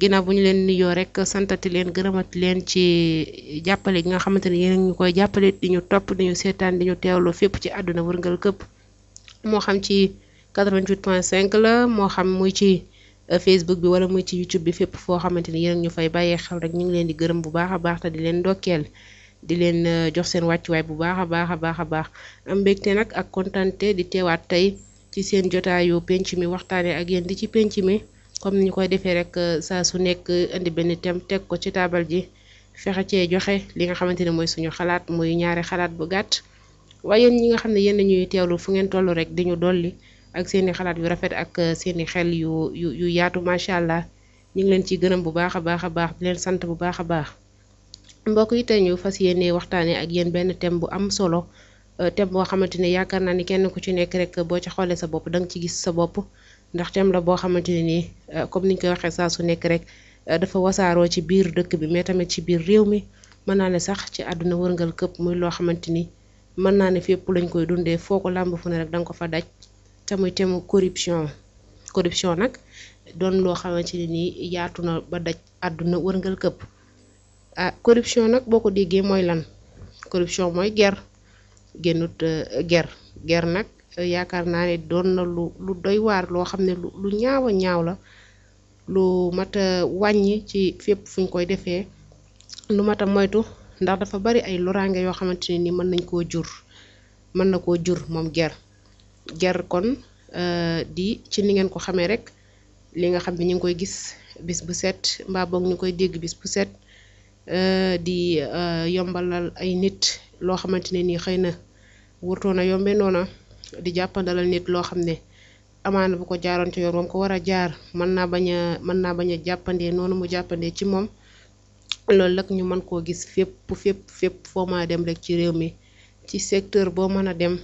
ginnaaw bu ñu leen nuyoo rek santati leen gërëmat leen ci jàppale gi nga xamante ni yéen ñu koy jàppale di ñu topp di ñu seetaan di ñu teewloo fépp ci àdduna wërngal këpp moo xam ci 88.5 la moo xam muy ci euh, Facebook bi wala muy ci YouTube bi fépp foo xamante ni yéen ñu fay bàyyee xam rek ñu ngi leen di gërëm bu baax a baax te di leen ndokkeel di leen euh, jox seen wàccuwaay bu baax a baax a baax a baax am mbégte nag ak kontante di teewaat tey ci seen jotaayu penc mi waxtaanee ak yéen di ci penc mi. comme ni ñu koy defee rek euh, sa su nekk euh, indi benn thème teg ko ci taabal ji fexe cee joxe li nga xamante ne mooy suñu xalaat mooy ñaari xalaat bu gàtt waaye yéen ñi nga xam ne yéen ñuy teewlu fu ngeen toll rek di ñu dolli ak seeni xalaat yu rafet ak euh, seeni xel yu yu yu yaatu macha allah ñu ngi leen ci gërëm bu baax a baax a baax leen sant bu baax a baax mbokk yi tey ñu fas yéene waxtaanee ak yéen benn thème bu am solo thème boo xamante ne yaakaar naa ni kenn ku ci nekk rek boo ci xoolee sa bopp danga ci gis sa bopp. ndax thème la boo xamante ne nii euh, comme niñ koy waxee saa su nekk rek euh, dafa wasaaroo ci biir dëkk bi mais tamit ci biir réew mi mën naa ne sax ci àdduna wërngal këpp muy loo xamante ni mën naa ne fépp lañ koy dundee foo ko làmb fu ne rek da nga ko fa daj te muy temu corruption corruption nag doon loo xamante ne nii yaatu na ba daj àdduna wërngal këpp ah corruption nag boo ko déggee mooy lan corruption mooy ger génnut euh, ger ger nag yaakaar naa ne doon na lu lu doy waar loo xam ne lu lu ñaaw a ñaaw la lu mat wàññi ci fépp fuñ koy defee lu mat a moytu ndax dafa bari ay loraange yoo xamante ne ni mën nañ koo jur mën na koo jur moom ger ger kon euh, di ci ni ngeen ko xamee rek li nga xam ne ñu ngi koy gis bis bu set mbaa boog ñu koy dégg bis bu set euh, di euh, yombalal ay nit loo xamante ne nii xëy na na yombe noona di jàppandalal nit loo xam ne amaana bu ko jaaroon ci yoon moom ko war a jaar mën naa bañ a mën naa bañ a jàppandee noonu mu jàppandee ci moom loolu nag ñu mën koo gis fépp fépp fépp foo maa dem rek ci réew mi ci secteur boo mën a dem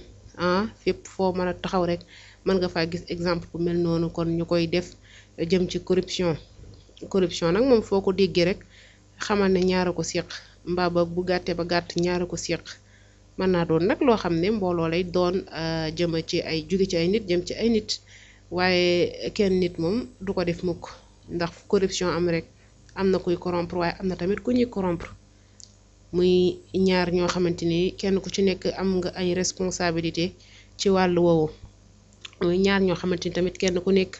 ah fépp foo mën a taxaw rek mën nga faa gis exemple bu mel noonu kon ñu koy def jëm ci corruption corruption nag moom foo ko déggee rek xamal ne ñaara ko séq mbaa bu gàttee ba gàtt ñaara ko séq mën naa doon nag loo xam ne mbooloo lay doon euh, jëma ci ay jóge ci ay nit jëm ci ay nit waaye kenn nit moom du ko def mukk ndax corruption am rek am na koy corrompre waaye am na tamit ku ñuy corrompre muy ñaar ñoo xamante ni kenn ku ci nekk am nga ay responsabilité ci wàllu woowu muy ñaar ñoo xamante ni tamit kenn ku nekk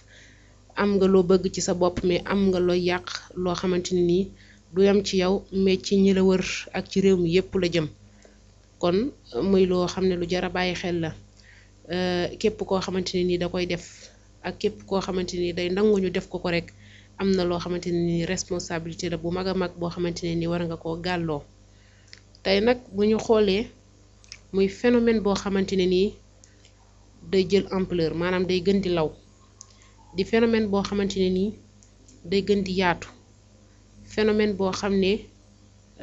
am nga loo bëgg ci sa bopp mais am nga loo yàq loo xamante ni du yam ci yow mais ci ñi la wër ak ci réew mi yépp la jëm kon muy loo xam ne lu jar a bàyyi xel la euh, képp koo xamante ne nii da koy def ak képp koo xamante ni day nangu ñu def ko ko rek am na loo xamante ne nii responsabilité la bu mag a mag boo xamante ne nii war nga koo gàlloo tey nag bu ñu xoolee muy phénomène boo xamante ne nii day jël empleur maanaam day gën di law di phénomène boo xamante ne nii day gën di yaatu phénomène boo xam ne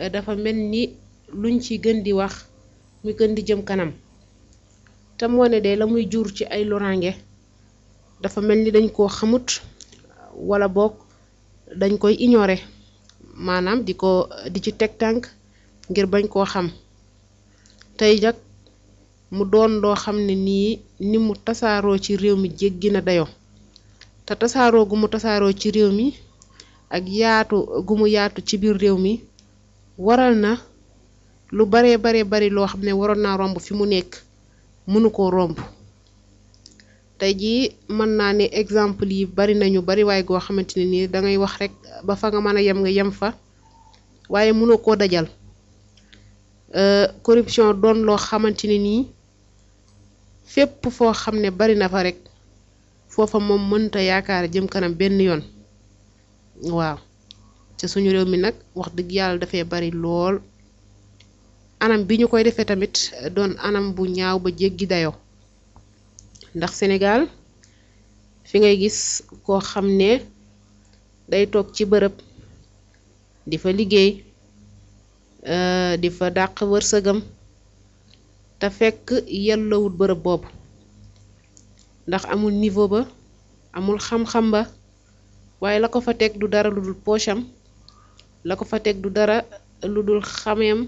euh, dafa mel ni luñ ci gën di wax muy gën di jëm kanam te moo de la muy jur ci ay loraange dafa mel ni dañ koo xamut walla boog dañ koy ignorer maanaam di ko di ci teg tànk ngir bañ koo xam tey jag mu doon doo xam ne nii ni mu tasaaroo ci réew mi jéggi na dayo te tasaaroo gu mu tasaaroo ci réew mi ak yaatu gu mu yaatu ci biir réew mi waral na lu baree baree bari loo xam ne waroon naa romb fi mu nekk mënu koo romb tey jii mën naa ne exemple yi bari nañu bari waaye goo xamante ne nii dangay wax rek ba fa nga mën a yem nga yem fa waaye mënoo koo dajal euh, corruption doon loo xamante ne nii fépp foo xam ne bari na fa rek foofa moom mënta yaakaar jëm kanam benn yoon waaw ci suñu réew mi nag wax dëgg yàlla dafay bari lool anam bi ñu koy defee tamit euh, doon anam bu ñaaw ba jéggi dayoo ndax Sénégal fi ngay gis koo xam ne day toog ci bërëb di fa liggéey euh, di fa dàq wërsëgam te fekk yellowut bërëb boobu ndax amul niveau ba amul xam-xam ba waaye la ko fa teg du dara lu dul poosam la ko fa teg du dara lu dul xameem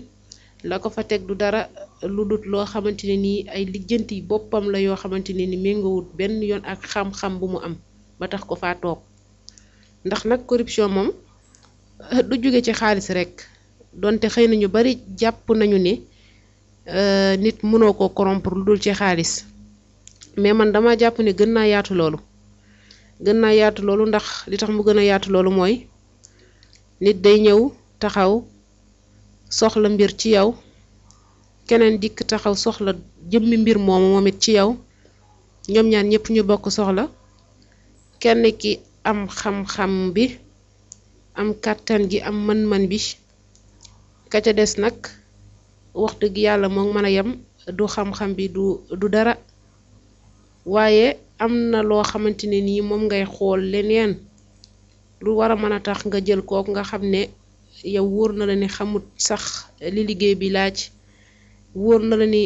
la ko fa teg du dara lu dut loo xamante ne nii ay lijjanti boppam la yoo xamante ne ni méngawut benn yoon ak xam-xam bu mu am ba tax ko faa toog ndax nag corruption moom euh, du jóge ci xaalis rek donte xëy na ñu bari jàpp nañu ne euh, nit mënoo ko corrompre lu dul ci xaalis mais man dama jàpp ne gën naa yaatu loolu gën naa yaatu loolu ndax li tax mu gën a yaatu loolu mooy nit day ñëw taxaw soxla mbir ci yow keneen dikk taxaw soxla jëmmi mbir moomu momit ci yow ñoom ñaan ñëpp ñu bokk soxla kenn ki am xam-xam bi am kàttan gi am man man bi ka ca des nag wax dëgg yàlla moog mën a yem du xam-xam bi du du dara waaye am na loo xamante ne nii moom ngay xool leneen lu war a mën a tax nga jël kook nga xam yow ya wóor na la ni xamut sax li liggéey bi laaj wóor na la ni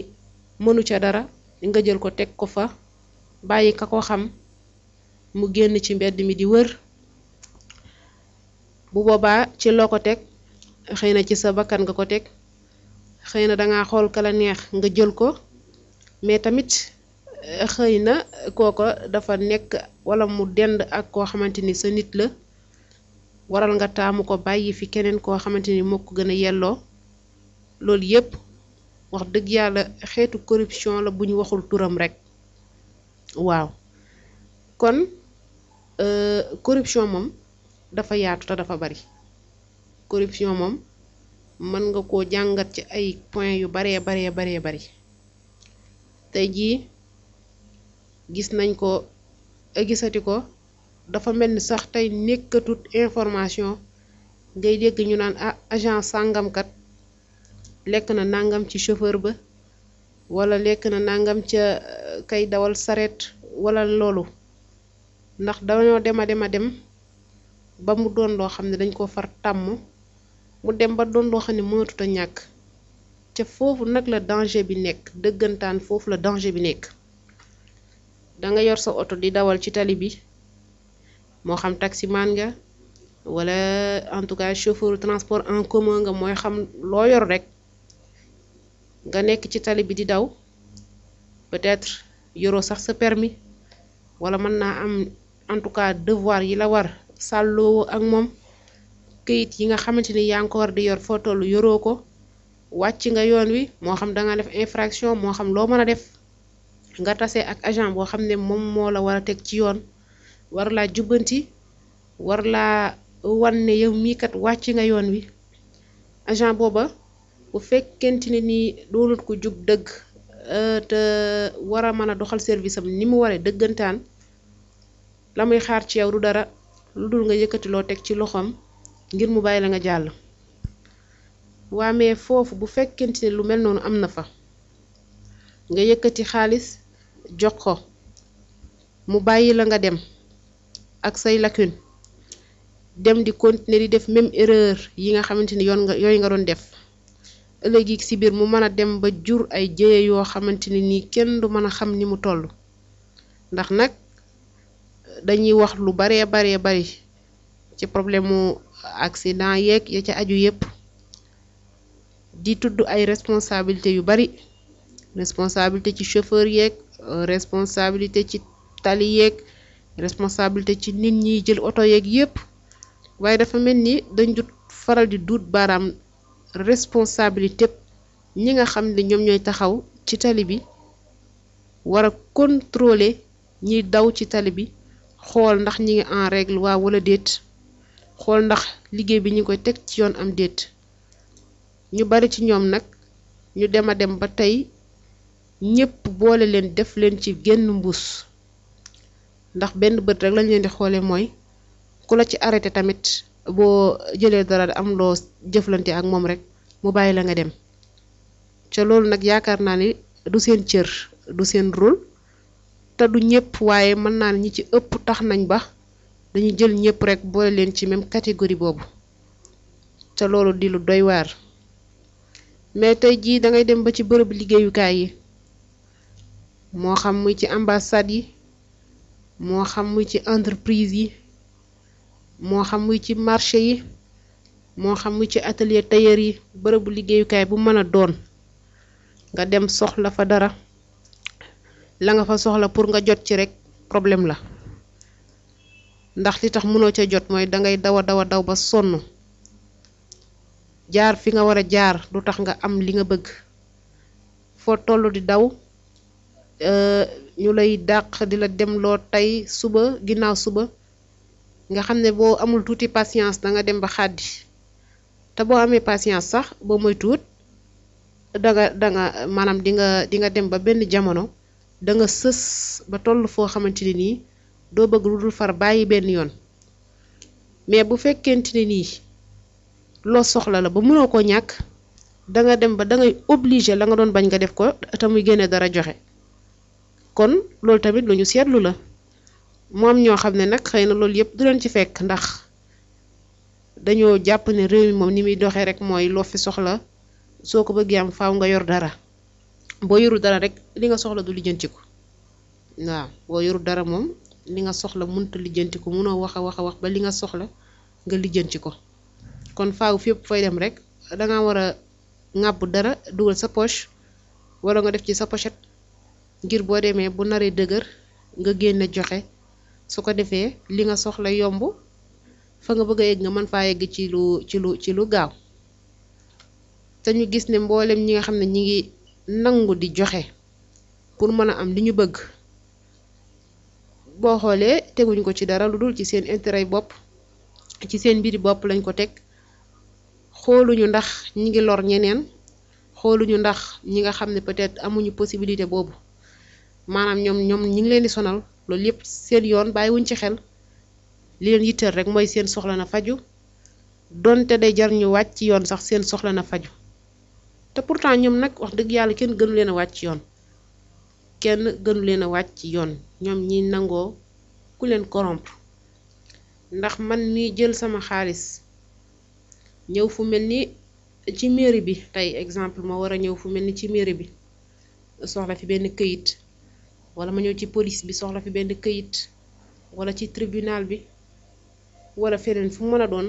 mënu ca dara nga jël ko teg ko fa bàyyi ka ko xam mu génn ci mbedd mi di wër bu boobaa ci loo ko teg xëy na ci sa bakkan nga ko teg xëy na danga xool ka la neex nga jël ko mais tamit xëy na kooko dafa nekk wala mu dend ak koo xamante ni sa nit la waral nga taamu ko bàyyi fi keneen koo xamante ni moo ko gën a yelloo loolu yépp wax dëgg yàlla xeetu corruption la bu ñu waxul turam rek waaw kon euh, corruption moom dafa yaatu te dafa bari corruption moom mën nga ko jàngat ci ay point yu baree baree baree bari te jii gis nañ ko gisati ko dafa mel ni sax information ngay dégg ñu naan ah, agent kat lekk na nangam ci chauffeur ba wala na nangam ca eh, kay dawal saret wala loolu ndax dañoo ba mu doon dañ ko far danger bi nekk dëggantaan foofu la danger bi nekk da nga yor sa di dawal bi moo xam taximan nga wala en tout cas chauffeur transport en commun nga mooy xam loo yor rek nga nekk ci tali bi di daw peut-être yoroo sax sa permis wala mën naa am en tout cas devoir yi la war sàlloowo ak moom këyit yi nga xamante ni yaa ngi ko war di yor foo toll yoroo ko wàcc nga yoon wi moo xam da nga def infraction moo xam loo mën a def nga tase ak agent boo xam ne moom moo la war a teg ci yoon war laa jubbanti war laa wan ne yow mii kat wàcc nga yoon wi agent booba bu fekkente ne nii doonut ko jub dëgg euh, te war a mën a doxal service am ni mu waree dëggantaan la muy xaar ci yow du dara lu dul nga yëkkati loo teg ci loxoom ngir mu bàyyi la nga jàll. waa mais foofu bu fekkente ne lu mel noonu am na fa nga yëkkati xaalis jox ko mu bàyyi la nga dem. ak say lacune dem di continuer di def même erreur yi nga xamanteni yoon nga yoy nga don def ëlëg ci bir mu meuna dem ba jur ay jeye yo xamanteni ni kenn du meuna xam ni mu tollu ndax nak dañuy wax lu bare bare bari ci problème accident yek ya ci aju yep di tuddu ay responsabilité yu bari responsabilité ci chauffeur yek responsabilité ci tali yek responsabilité ci nit ñiy jël oto yeeg yépp waaye dafa mel ni dañ faral di duut baaraam responsabilité ñi nga xam ni ñoom ñooy taxaw ci tali bi wara a contrôler ñiy daw ci tali bi xool ndax ñi ngi en règle waa wala déet xool ndax liggéey bi ñu koy teg ci yoon am déet ñu bari ci ñoom nag ñu dem a dem ba tey ñépp boole leen def leen ci genn mbuus ndax benn bët rek lañ leen di xoolee mooy ku la ci arrêté tamit boo jëlee dara am loo jëflante ak moom rek mu bàyyi la nga dem ca loolu nag yaakaar naa ni du seen cër du seen rôle te du ñëpp waaye mën naa ne ñi ci ëpp tax nañ ba dañu jël ñëpp rek boole leen ci même catégorie boobu te loolu di lu doy waar mais tey jii da ngay dem ba ci bërëb liggéeyukaay yi moo xam muy ci ambassade yi moo xam muy ci entreprise yi moo xam muy ci marché yi moo xam muy ci atelier tailleur yi bërëbu liggéeyukaay bu mën a doon nga dem soxla fa dara la nga fa soxla pour nga jot ci rekk problème la ndax li tax mënoo ca jot mooy dangay daw a daw a daw ba sonn jaar fi nga war a jaar du tax nga am li nga bëgg foo tollu di daw Euh, ñu lay dàq di la demloo tey suba ginnaaw suba nga xam ne boo amul tuuti patience da nga dem ba xàddi te boo amee patience sax boo moy tuut da nga da nga maanaam di nga di nga dem ba benn jamono da nga sës ba toll foo xamante ni nii doo bëgg lu dul far bàyyi benn yoon mais bu fekkente ni nii loo soxla la ba mënoo ko ñàkk da nga dem ba da ngay obligé la nga doon bañ nga def ko te muy génne dara joxe kon loolu tamit luñu nyusir seetlu la moom ñoo xam ne nag xëy na loolu yëpp du leen ci fekk ndax dañoo jàpp ne réew mi moom ni muy doxee rek mooy loo fi soxla soo ko bëggee am faaw nga yor dara boo yoru dara rek li nga soxla du lijjanti ko waaw boo yoru dara moom li nga soxla mënta lijjanti ko munoo wax a wax a wax ba li nga soxla nga lijjanti ko kon faaw fépp fay dem rek da nga war a dara dugal sa poche wala nga def ci sa pochette ngir boo demee bu naree dëgër nga génne joxe su ko defee li nga soxla yomb fa nga bëgg a nga mën faa yegg ci lu ci lu ci lu gaaw dañu gis ne mboolem ñi nga xam ne ñi ngi nangu di joxe pour mën a am li ñu bëgg boo xoolee teguñu ko ci dara lu dul ci seen intérêt yi bopp ci seen mbiri bopp lañ ko teg xooluñu ndax ñi ngi lor ñeneen xooluñu ndax ñi nga xam ne peut-être amuñu possibilité boobu maanaam ñoom ñoom ñi ngi leen di sonal loolu yëpp seen yoon bàyyiwuñ ci xel li leen yitteel rek mooy seen soxla na faju donte day jar ñu wàcc ci yoon sax seen soxla na faju te pourtant ñoom nag wax dëgg yàlla kenn gënu leen a wàcc yoon kenn gënu leen a wàcc ci yoon ñoom ñi nangoo ku leen corrompre ndax man mii jël sama xaalis ñëw fu mel ni ci mairie bi tey exemple ma war a ñëw fu mel ni ci mairie bi soxla fi benn këyit wala ma ñëw ci police bi soxla fi benn këyit wala ci tribunal bi wala feneen fu mën a doon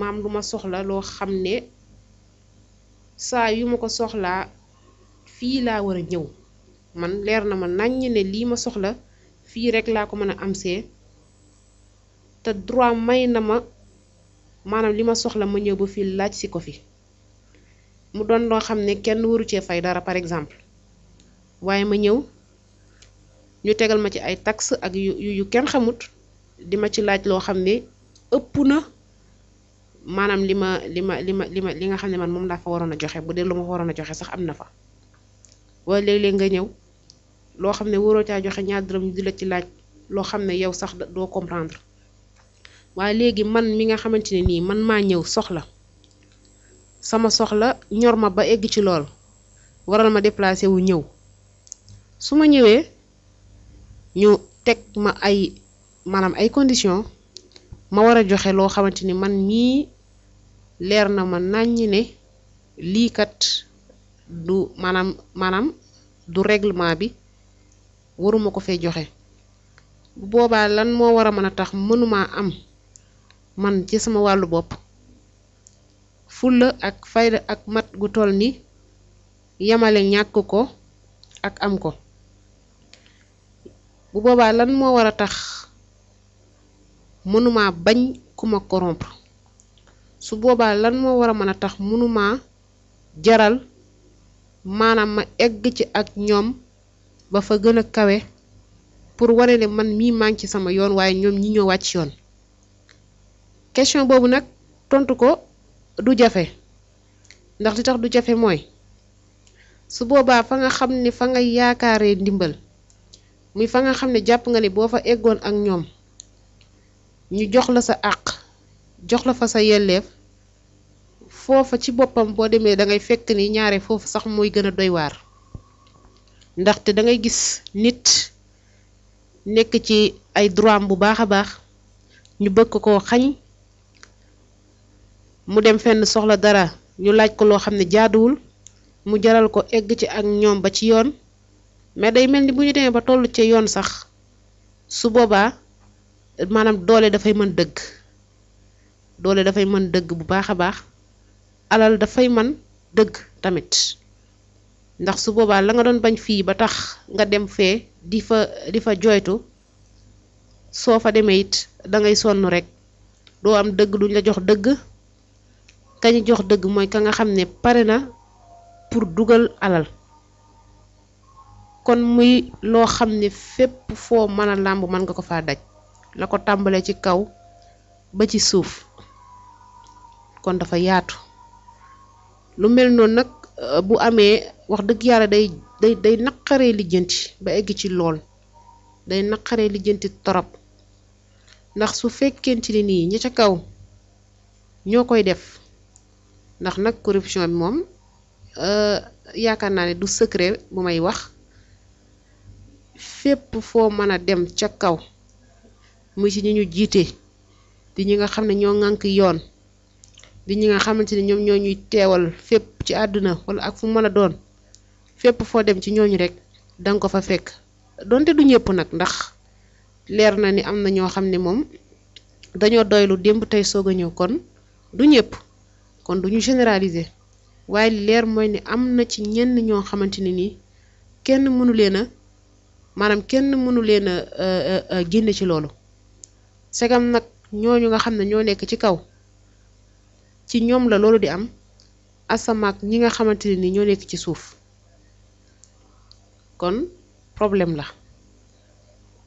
maam am lu ma soxla loo xam ne saa yu ma ko soxlaa fii laa war a ñëw man leer na ma nàññ ne lii ma soxla fii rek laa ko mën a am see te droit may na ma maanaam li ma soxla ma ñëw ba fii laaj si ko fi mu doon loo xam ne kenn waru cee fay dara par exemple waaye ma ñëw ñu tegal ma ci ay taxes ak yu yu kenn xamut di ma ci laaj loo xam ne ëpp na maanaam li ma li ma li ma li ma li nga xam ne man moom laa fa waroon a joxe bu dee lu ma fa waroon a joxe sax am na fa wala nga ñëw loo xam ne waroo caa joxe ñaar dërëm ñu la ci laaj loo xam ne yow sax doo comprendre waaye léegi man mi nga xamante ne nii man maa ñëw soxla sama soxla ñor ma ba egg ci lool waral ma déplacé wu ñëw su ma ñëwee. ñu teg ma ay maanaam ay conditions ma war a joxe loo xamante ni man mii leer na ma nàññi ne lii kat du maanaam maanaam du réglement bi waruma ko fee joxe bu boobaa lan moo war a mën a tax mënumaa am man ci sama wàllu bopp fulla ak fayda ak mat gu toll ni yamale ñàkk ko ak am ko bu boba lan mo wara tax mënuma bañ kuma corrompre su boba lan mo wara mëna tax mënuma jaral manam ma egg ci ak ñom ba fa gëna kawé kawe pour wone né man mi maa ci sama yoon waye ñom ñi ñoo wacc yoon question bobu nak tontu ko du jafé ndax li tax du jafé moy su boba fa nga xamni fa nga yaakaaré ndimbal muy fa nga xamne japp nga ni bo fa eggon ak ñom ñu jox la sa ak jox la fa sa yellef fofa ci bopam bo da ngay fekk ni ñaaré fofu sax muy gëna doy waar da ngay gis nit nek ci ay droit bu baaxa baax ñu bëkk ko xañ mu dem fenn soxla dara ñu laaj ko lo xam jaadul mu jaral ko egg ci ak ñom ba ci yoon mais day mel ni bu ñu demee ba toll ca yoon sax su boobaa maanaam doole dafay mën dëgg doole dafay mën dëgg bu baax a baax alal dafay man dëgg tamit ndax su boobaa la nga doon bañ fii ba tax nga dem fee di fa di fa jooytu soo fa demee it dangay sonn rek doo am dëgg duñ la jox dëgg kañu jox dëgg mooy ka nga xam ne pare na pour dugal alal kon muy loo xam ne fépp foo mën a làmb mën nga ko faa daj la ko tàmbalee ci kaw ba ci suuf kon dafa yaatu lu mel noonu nag euh, bu amee wax dëgg yàlla day day day naqaree lijjanti ba egg ci lool day naqaree lijjanti torop ndax su ci ni nii ña ca kaw ñoo koy def ndax nag corruption bi moom euh, yaakaar naa ne du secret bu may wax fépp foo mën a dem ca kaw muy si ñi ñu jiite di ñi nga xam ne ñoo ŋànk yoon di ñi nga xamante ne ñoom ñoo ñuy teewal fépp ci àdduna wala ak fu mën a doon fépp foo dem ci ñooñu rek danga ko fa fekk donte du ñëpp nag ndax leer na ni am na ñoo xam ne moom dañoo doylu démb tey soog a ñëw kon du ñëpp kon du ñu généraliser waaye leer mooy ne am na ci ñenn ñoo xamante ne nii kenn mënu leen a maanaam kenn mënu leen a génne ci loolu segam nag ñooñu nga xam ne ñoo nekk ci kaw ci ñoom la loolu di am asamaak ñi nga xamante ne ni ñoo nekk ci suuf kon problème la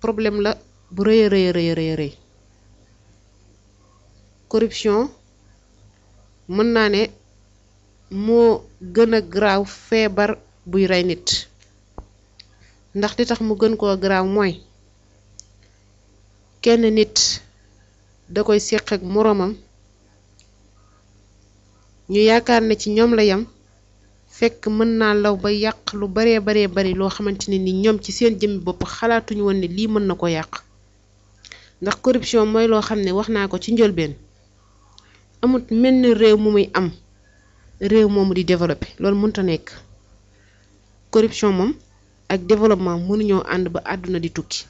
problème la bu rëy a rëy rëy rëy rëy corruption mën naa ne moo gën a graaw feebar buy rey nit ndax di tax mu gën koo garaaw mooy kenn nit da koy séq ak moroomam ñu yaakaar na ci ñoom la yam fekk mën naa law ba yàq lu baree baree bari loo xamante ne ni ñoom ci seen jëmmi bopp xalaatuñu woon ne lii mën na ko yàq ndax corruption mooy loo xam ne wax naa ko ci njëlbeen amut mel ni réew mu muy am réew moomu di développé loolu mënta nekk corruption moom ak développement mënuñoo ànd ba àdduna di tukki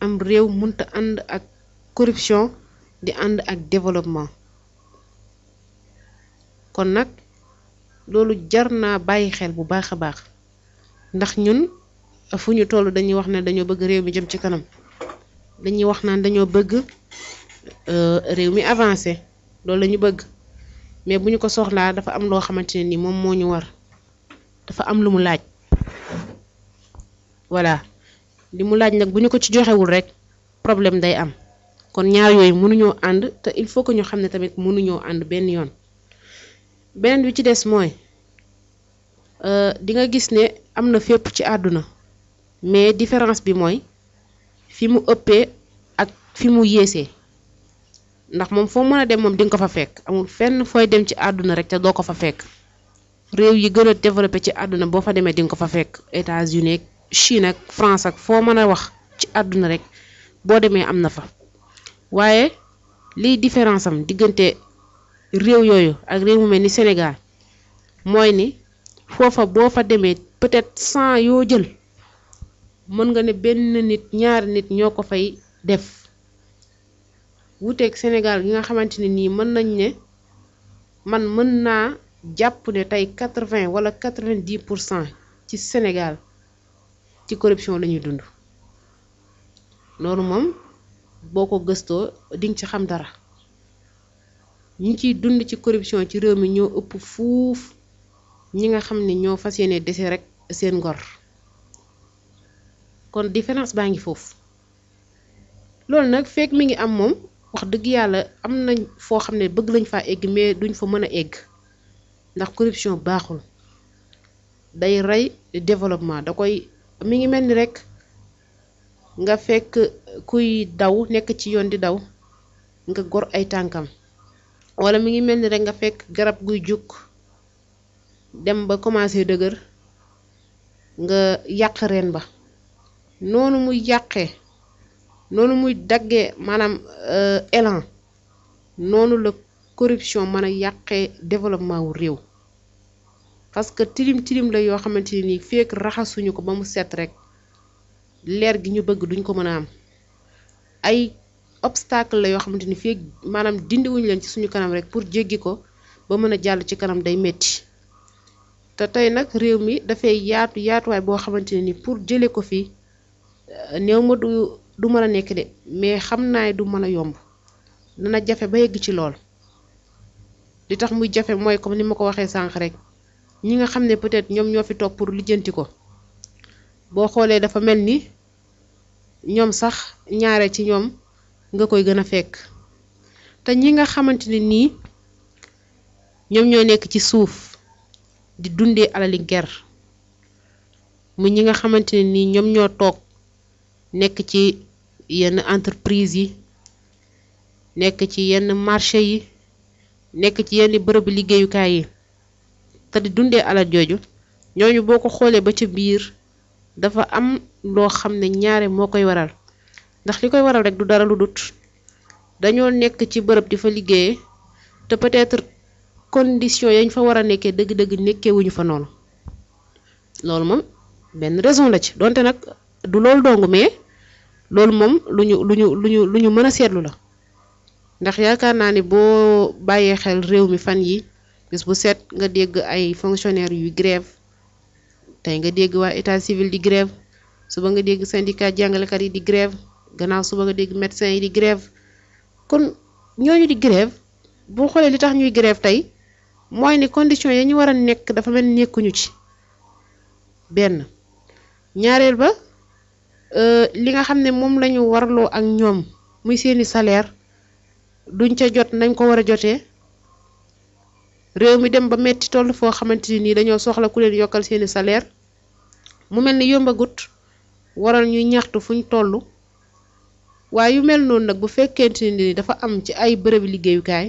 am réew mënta ànd ak corruption di ànd ak développement kon nag loolu jar naa bàyyi xel bu baax a baax ndax ñun fu ñu toll dañuy wax ne dañoo bëgg réew mi jëm ci kanam dañuy wax naan dañoo bëgg euh, réew mi avancé loolu lañu bëgg mais bu ñu ko soxlaa dafa am loo xamante ne ni moom moo ñu war dafa am lu mu laaj. voilà li mu laaj nag bu ñu ko ci joxewul rek problème day am kon ñaar yooyu mënuñoo ànd te il faut que ñu xam ne tamit mënuñoo ànd benn yoon beneen bi ci des mooy euh, di nga gis ne am na fépp ci àdduna mais différence bi mooy fi mu ëppee ak fi mu yéesee ndax moom foo mën a dem moom di nga ko fa fekk amul fenn fooy dem ci àdduna rek te doo ko fa fekk réew yi gën a développé ci àdduna boo fa demee di nga ko fa fekk États-Unis Chine ak France ak foo mën wax ci àdduna rekk boo demee am na fa waaye liy différence am diggante réew yooyu ak réew mu mel ni Sénégal mooy ni foofa boo fa demee peut-être cent yoo jël mën nga ne benn nit ñaari nit ñoo ko fay def wuuteeg senegal gi nga xamante ne nii mën nañ ne man mën naa jàpp ne tey quatre-vingt wala quatre-vingt-dix pour cent ci Sénégal ci corruption lañuy dund loolu moom boo ko gëstoo dinga ci xam dara ñi ciy dund ci corruption ci réew mi ñoo ëpp fuuf ñi nga xam ne ñoo fas yéene dese rek seen ngor kon différence baa ngi foofu loolu nag fekk mi ngi am moom wax dëgg yàlla am na foo xam ne bëgg lañ fa egg mais duñ fa mën a egg ndax corruption baaxul day rey développement da koy mi ngi mel ni rek nga fekk kuy daw nekk ci yoon di daw nga gor ay tànkam wala mi ngi mel ni rek nga fekk garab guy jug dem ba commencé dëgër nga yàq reen ba noonu muy yàqee noonu muy dagge maanaam euh, élan noonu la corruption mën a yàqee développement wu réew parce que tilim tilim la yoo xamante ne nii feek raxasuñu ko ba mu set rek leer gi ñu bëgg duñ ko mën a am ay obstacle la yoo xamante ni feek maanaam dindiwuñ leen ci suñu kanam rek pour jéggi ko ba mën a jàll ci kanam day metti te tey nag réew mi dafay yaatu yaatuwaay boo xamante ne ni pour jëlee ko fi euh, néew ma du du mën a nekk de mais xam naa du mën a yomb dana jafe ba yegg ci lool li tax muy jafe mooy comme ni ma ko waxee sànq rek. ñi nga xam ne peut-être ñoom ñoo fi toog pour lijjanti ko boo xoolee dafa mel ni ñoom sax ñaare ci ñoom nga koy gën a fekk te ñi nga xamante ne nii ñoom ñoo nekk ci suuf di dundee alali ger mu ñi nga xamante ne nii ñoom ñoo toog nekk ci yenn entreprise yi nekk ci yenn marché yi nekk ci yenn bërëbu liggéeyukaay yi te di dundee alal jooju ñooñu boo ko xoolee ba ca biir dafa am loo xam ne ñaare moo koy waral ndax li koy waral rek du dara lu dut dañoo nekk ci bërëb di fa liggéeye te peut-être condition yañ fa war a nekkee dëgg-dëgg nekkee fa noonu loolu moom benn raison la ci donte nag du loolu dong mais loolu moom lu ñu lu ñu lu ñu lu ñu mën a seetlu la ndax yaakaar naa ni boo bàyyee xel réew mi fan yi bis bu set nga dégg ay fonctionnaire yuy grève tey nga dégg waa état civil di grève suba nga dégg syndicat jàngalekat yi di grève gannaaw suba nga dégg médecin yi di grève kon ñooñu di grève boo xoolee li tax ñuy grève tey mooy ne conditions yi ñu war a nekk dafa mel nekkuñu ci benn ñaareel ba euh, li nga xam ne moom lañu ñu warloo ak ñoom muy seeni salaire duñ ca jot nañ ko war a jotee réew mi dem ba metti toll foo xamante ni nii dañoo soxla ku leen yokkal seeni saleer mu mel ni yombagut waral ñu ñaxtu fuñ toll waaye yu mel noonu nag bu fekkente ni dafa am ci ay bërëb liggéeyukaay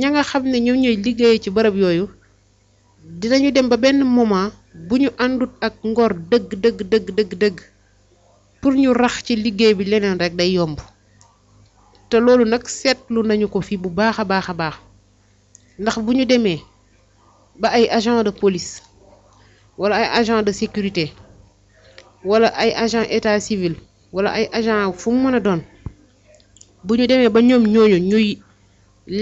ña nga xam ne ñoom ñooy liggéey ci bërëb yooyu dinañu dem ba benn moment bu ñu àndut ak ngor dëgg dëgg dëgg dëgg pour ñu rax ci liggéey bi leneen rek day yomb te loolu nag seetlu nañu ko fi bu baax a baax a baax ndax bu ñu demee ba ay agent de police wala ay agent de sécurité wala ay agent état civil wala ay agent fu mu mën a doon bu ñu demee ba ñoom ñooñu ñuy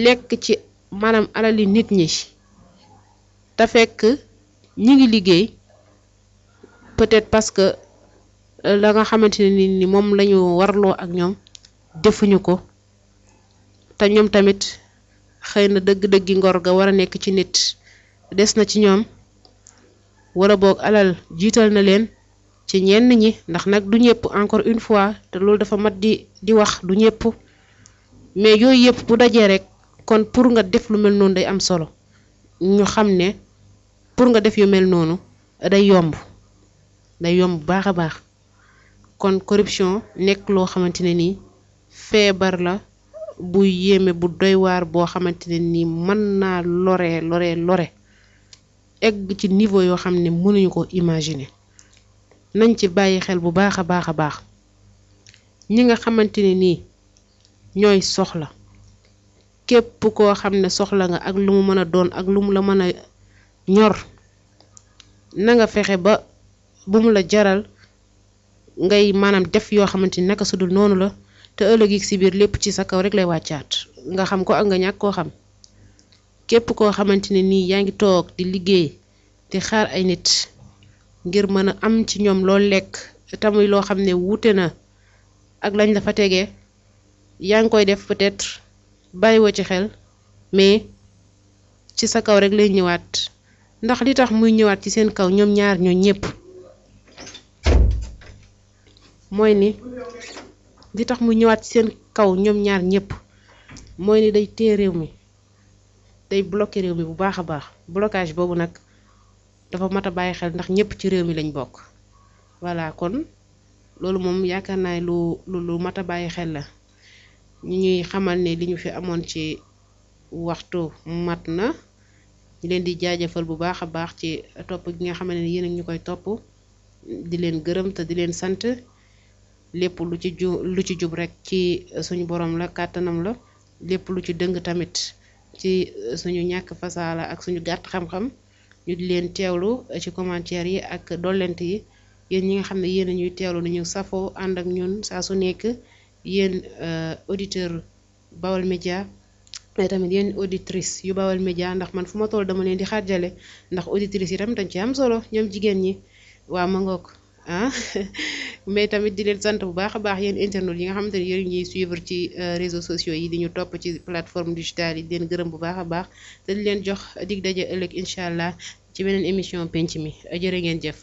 lekk ci maanaam alali nit ñi te fekk ñi ngi liggéey peut-être parce que euh, la nga xamante ne ni moom la ñu warloo ak ñoom defuñu ko te ñoom tamit xëy na dëgg-dëggi ngor ga war a nekk ci nit des na ci ñoom wala boog alal jiital na leen ci ñenn ñi ndax nag du ñëpp encore une fois te loolu dafa mat di di wax du ñëpp mais yooyu yëpp bu dajee rek kon pour nga def lu mel noonu day am solo ñu xam ne pour nga def yu mel noonu day yomb day yomb baax a baax kon corruption nekk loo xamante ne nii feebar la bu yéeme bu doywaar boo xamante ne nii mën naa lore lore lore egg ci niveau yoo xam ne mënuñu ko imaginé nañ ci bàyyi xel bu baax a baax a baax ñi nga xamante ne nii ñooy soxla képp koo xam ne soxla nga ak lu mu mën a doon ak lu mu la mën a ñor na nga fexe ba bu mu la jaral ngay maanaam def yoo xamante ni naka sudul noonu la te ëllëg si biir lépp ci sa kaw rek lay wàccaat nga xam ko ak nga ñàkk koo xam képp koo xamante ne nii yaa ngi toog di liggéey di xaar ay nit ngir mën a am ci ñoom loo lekk tamuy loo xam ne wuute na ak lañ la fa tegee yaa ngi koy def peut-être bàyyiwoo ci xel mais ci sa kaw rek lay ñëwaat ndax li tax muy ñëwaat ci seen kaw ñoom ñaar ñoo ñépp mooy ni li tax mu ñëwaat seen kaw ñoom ñaar ñëpp mooy ni day téye réew mi day bloqué réew mi bu baax a baax blocage boobu nag dafa mat a bàyyi xel ndax ñëpp ci réew mi lañ bokk voilà kon loolu moom yaakaar naa lu lu lu mat a bàyyi xel la ñu ñuy xamal ne li ñu fi amoon ci waxtu mat na ñu leen di jaajëfal bu baax a baax ci topp gi nga xam ni yéen a ñu koy topp di leen gërëm te di leen sant lepp lu ci ju lu ci jub rek ci eh, suñu borom la katanam la lepp lu ci deung tamit ci eh, suñu ñak fasala ak suñu gatt xam-xam ñu di leen teewlu eh, ci commentaire yi ak dolent yi yeen ñi nga xamne yeen ñuy teewlu ñu safo and ak ñun sa su nekk yeen auditeur bawal media ay tamit yeen auditrice yu bawal media ndax man fuma tol dama leen di xaajale ndax auditrice yi tam dañ ci am solo ñom jigen ñi wa ma ngok ah mais tamit di leen sant bu baax a baax yéen internautes yi nga xamante ne yéen ñuy suivre ci euh, réseaux sociaux yi di ñu topp ci plateforme digitale yi di leen gërëm bu baax a baax te leen jox dig daje ëllëg incha allah ci beneen émission penc mi jërë ngeen jëf.